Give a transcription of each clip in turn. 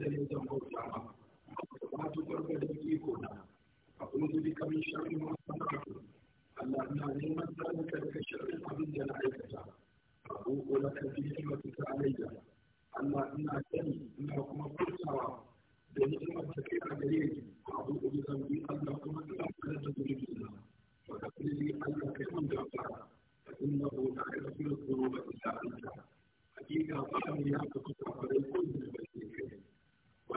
lalle zan bauta ma ba ta farko da iko na a uzu bi kamin sharri ma sana'atu Allah na neman tsarin karkar sharrin abin da na aikata abu ko na karfi ni'imar ta alayya Allah ina sani ina kuma furtawa da ni'imar ta kai a gare ni abu ko bi zan bi Allah kuma ina kare da zulubi na wa kafiri Allah kai mun gafara fa innahu la yaghfiru dhunuba illa anta hakika ba mu ya ka kusa bare ko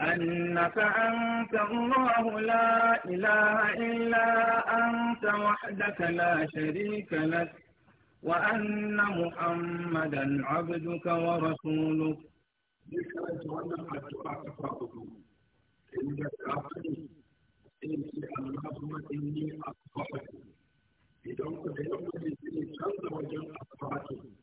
أنك أنت الله لا إله إلا أنت وحدك لا شريك لك وأن محمدا عبدك ورسولك ذكرت وأنا أتبعت فاطمة إنك أعطني إنك اللهم إني أصبحت إذا كنت يوم الدين شر وجن أصبحت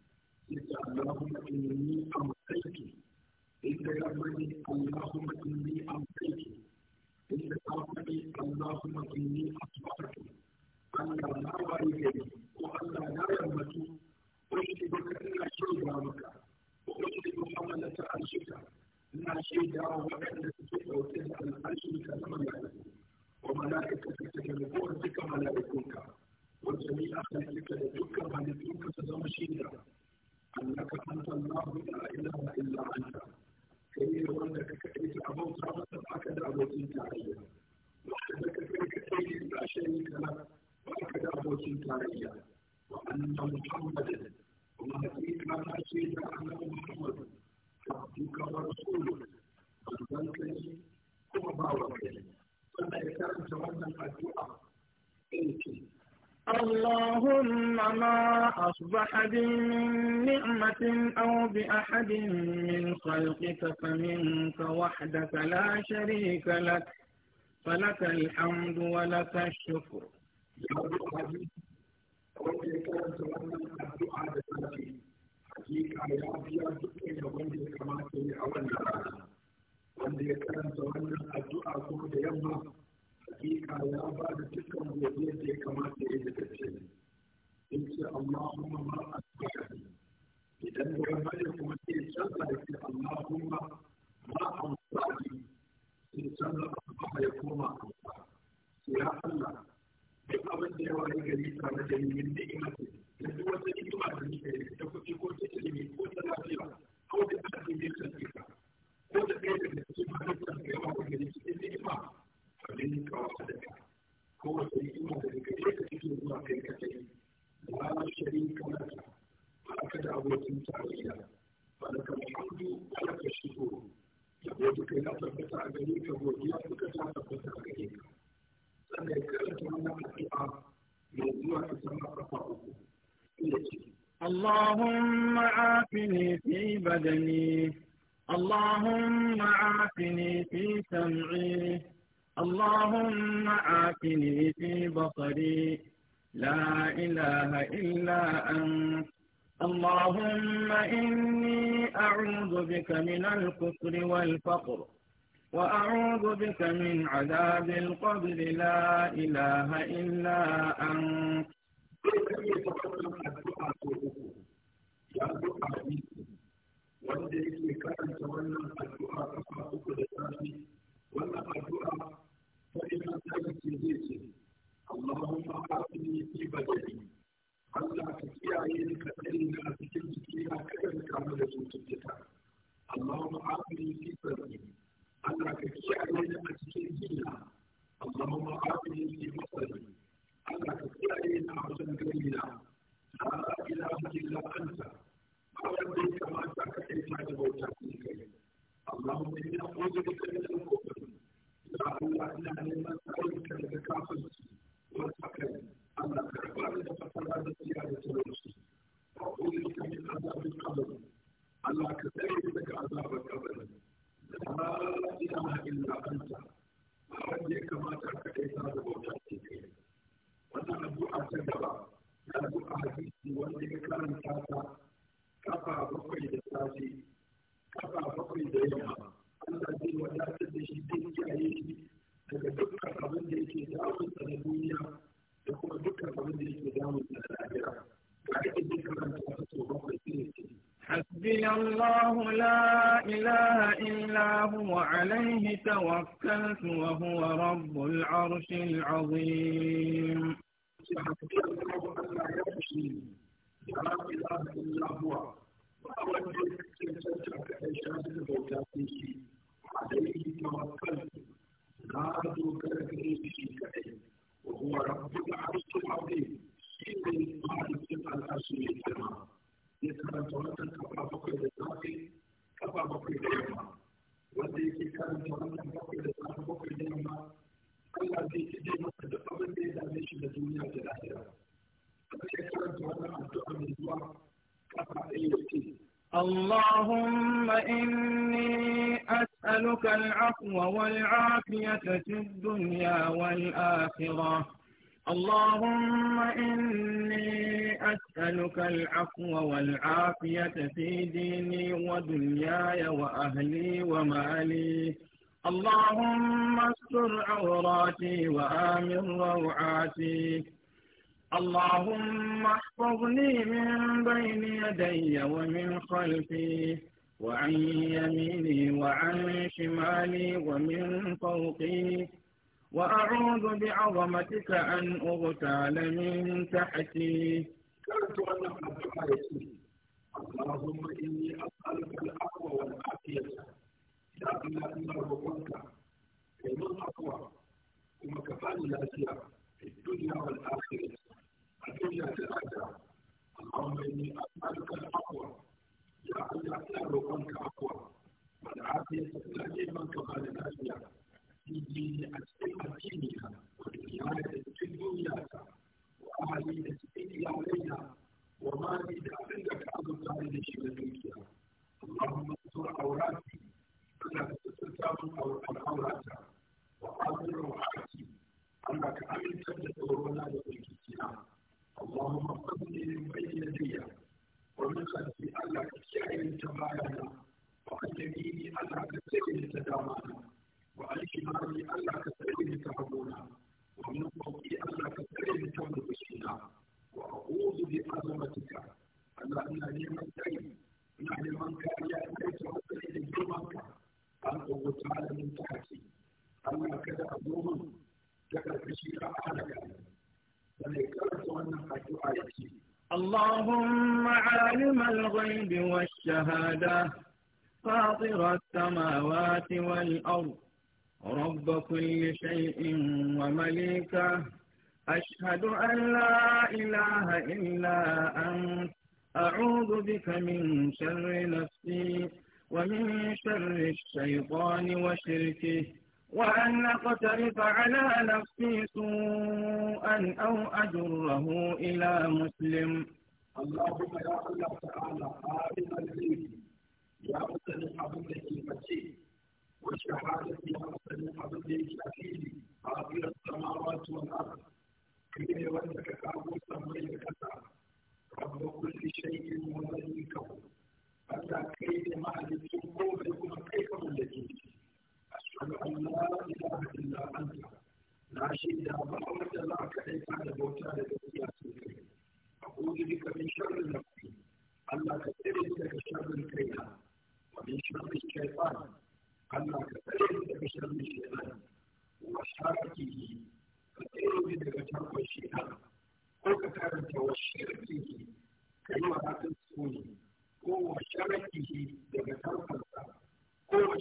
dukkan halittun ka su zama shaida annaka anta Allahu la ilaha illa anta kai ne wanda ka kai ta abauta masa ba ka da abokin tarayya wanda ka kai ka kai ne ba shayi kana ba ka da abokin tarayya wa anna muhammadan kuma hakika ta shaida annabi muhammad abduka wa rasuluhu manzon ka ne kuma bawa ka ne sannan ya karanta wannan addu'a ɗaya اللهم ما أصبح بي من نعمة أو بأحد من خلقك فمنك وحدك لا شريك لك فلك الحمد ولك الشكر وأنت يكرم سواء الدعاء الذي حكيك على يا أبي يا أبي يا أبي يا أبي يا أبي يا أبي يا أبي يا أبي hakika ya ba da dukkan godiyar da ya kamata ya daga ce in ce Allahumma ma asbaka idan da bane kuma sai canza da ce Allahumma ma amfani sai canza ba ya koma amfani sai ya Allah duk abin da ya wani gari tare da yi min ni'ima ce da duk wata ni'ima da nike ta kuɗi ko ta ilimi ko ta lafiya ko da ta ne ka ko da ɗaya daga cikin halittar da yawa da gari cikin ni'ima اللهم عافني في بدني اللهم عافني في سمعي اللهم آتني في بصري لا إله إلا أنت اللهم إني أعوذ بك من الكفر والفقر وأعوذ بك من عذاب القبر لا إله إلا أنت يا كلمة وتحقيق اللهم إني أعوذ بك من الكفر يا الله إنا لما سألك الكافر والفقر أن كربان فقرات زيادة الرشد أعوذ بك من عذاب القبر الله كذلك لك عذاب القبر لا إله إلا أنت أرجي كما تركت هذا وتحقيق وأنا أدعو أتدبر أدعو أحاديثي وأنا كان تاتا kafa bakwai da safe kafa bakwai da yamma Allah zai wadatar da shi zai kiyaye shi daga dukkan abin da yake damun sa na duniya da kuma dukkan abin da yake damun sa na lahira ga ake jin karanta ta so bakwai sai ce حسبي الله لا إله إلا هو عليه توكلت وهو رب العرش العظيم. abubuwa wanda cancanta ka ɗan sha suka bauta sun shi a daidai tawakkal na dogara gare shi shi kaɗai wa kuma rabbul arshil azim shi ne malikin al'arshi mai girma ya karanta wannan kafa bakwai da safe kafa bakwai da yamma wanda yake karanta wannan bakwai da safe bakwai da yamma Allah zai ci dai masa da abin da ya dame shi da duniya da lahira. Sai karanta wannan addu'a mai zuwa اللهم إني أسألك العفو والعافية في الدنيا والآخرة اللهم إني أسألك العفو والعافية في ديني ودنياي وأهلي ومالي اللهم استر عوراتي وآمن روعاتي اللهم احفظني من بين يدي ومن خلفي وعن يميني وعن شمالي ومن فوقي وأعوذ بعظمتك أن أغتال من تحتي اللهم إني أسألك العفو والعافية يا الله إنا ربك كمن أقوى كفاني الأشياء في الدنيا والآخرة الدنيا للآخرة اللهم إني أسألك الأقوى يا الله إنا روحك أقوى والعافية دائما كما للآخرة في أسئلة دينها ودنياي في الدنيا وأهلي أسئلة عليها ومالي لأبنك أبو طالب شبابيكها اللهم استر عوراتي فلا تستر عوراتها وآمن روحاتي أنك أمن تبدأ ولا يضيع اللهم صل من بين يدي ومن خلفي الله كشاعر تبايعنا وعن يميني الله كسير تدامانا وعن شمالي الله كسير تهبونا ومن فوقي الله كسير تمنبشنا وأعوذ بعظمتك الله أنا لمن كريم أنا كان يا أيها اللهم عالم الغيب والشهادة فاطر السماوات والأرض رب كل شيء ومليكه أشهد أن لا إله إلا أنت أعوذ بك من شر نفسي ومن شر الشيطان وشركه وأن أقترف على نفسي سوءا أو أجره إلى مسلم اللهم يا الله تعالى عالم الغيب يا مثل حبيبك المسيح والشهادة يا مثل حبيبك أكيد عابر السماوات والأرض كيف يولك كابو سمي كذا رب كل شيء ومليكه أتى كيد ما لتقوم بكم كيف ملكيك أشهد أن لا إله إلا أنت لا شيء لا بعض لا كيف على بوتانك ta wa shirkihi ka yi wa hakan ko wa daga ko wa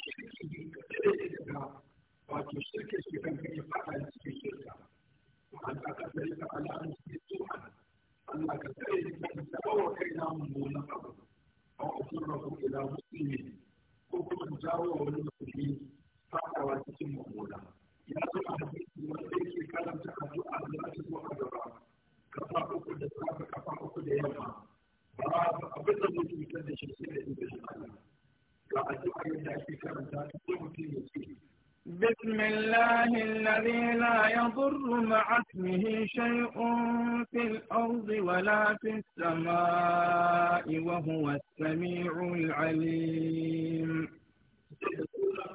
ka wato shirke shi kan kai fata da cikin shirka an ka kasari Allah ka kai a ko kuma jawo wani musulmi fadawa cikin mummuna ya yake karanta addu'a بسم الله الذي لا يضر مع اسمه شيء في الأرض ولا في السماء وهو السميع العليم بسم الله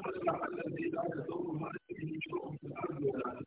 الذي لا يضر مع اسمه شيء في الأرض ولا في السماء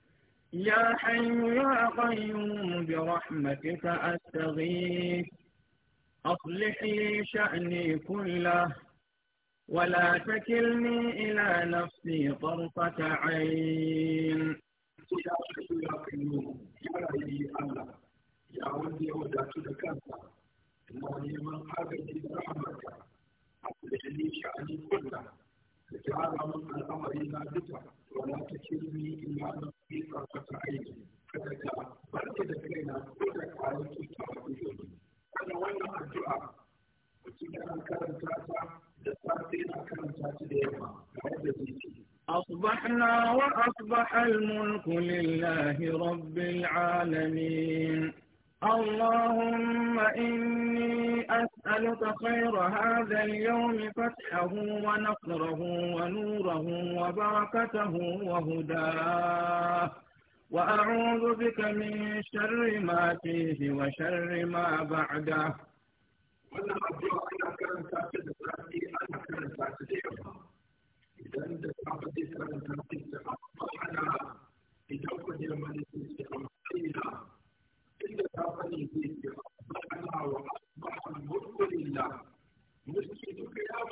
يا حي يا قيوم برحمتك أستغيث أصلح لي شأني كله ولا تكلني إلى نفسي طرفة عين يا حي يا قيوم يا ربي الله يا ولدي ودعت لك أنت من أبدي برحمتك أصلح لي شأني كله وجعل من الأمر نادفا wala ta ce ni ina da ke aiki kada ta barke da kai na ko da kwanan ki ta wani yau kana wannan addu'a mutum yana karanta ta da safe yana karanta ta da yamma kamar da zai أصبحنا وأصبح الملك لله رب العالمين اللهم إني أسألك خير هذا اليوم فتحه ونصره ونوره وبركته وهداه وأعوذ بك من شر ما فيه وشر ما بعده وأنا أرجو أنك لم تعتد الآن أنك لم تعتد اليوم إذا أنت تعتد أنك لم تعتد الآن فأنا إذا أخذ من الإسلام da ta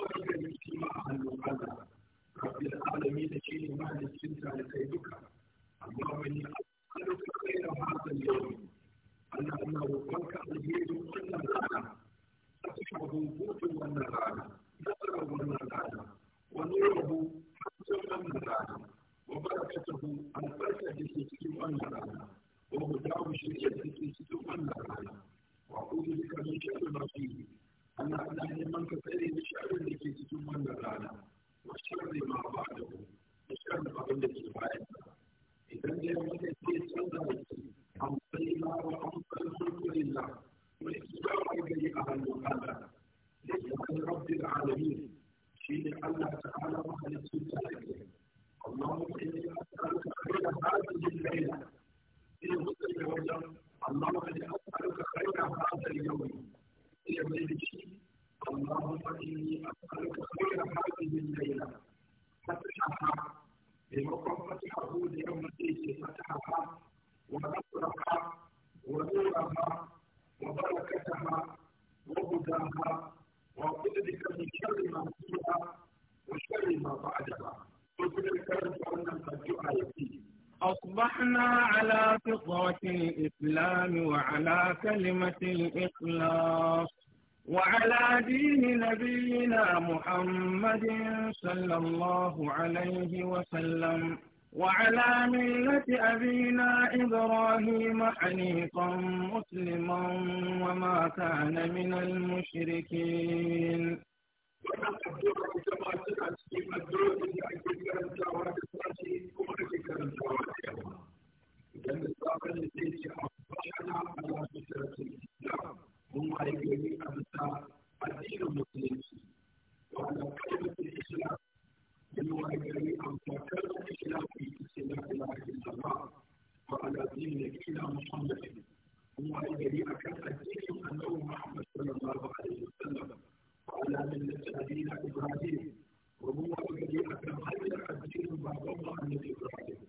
يومي إلى اللهم إني أسألك خير هذه الليلة فتحها بمقام فتحه ليوم الدين فتحها ونصرها ونورها وبركتها وهداها وأعوذ بك من شر ما وشر ما بعدها وكل الكرم أصبحنا على فطرة الإسلام وعلى كلمة الإخلاص وعلى دين نبينا محمد صلى الله عليه وسلم وعلى ملة أبينا إبراهيم حنيفا مسلما وما كان من المشركين محمد وعلى جميع كان انه محمد صلى الله عليه وسلم على إبراهيم وهو الذي أكرم أجر الدين بعض الله من إبراهيم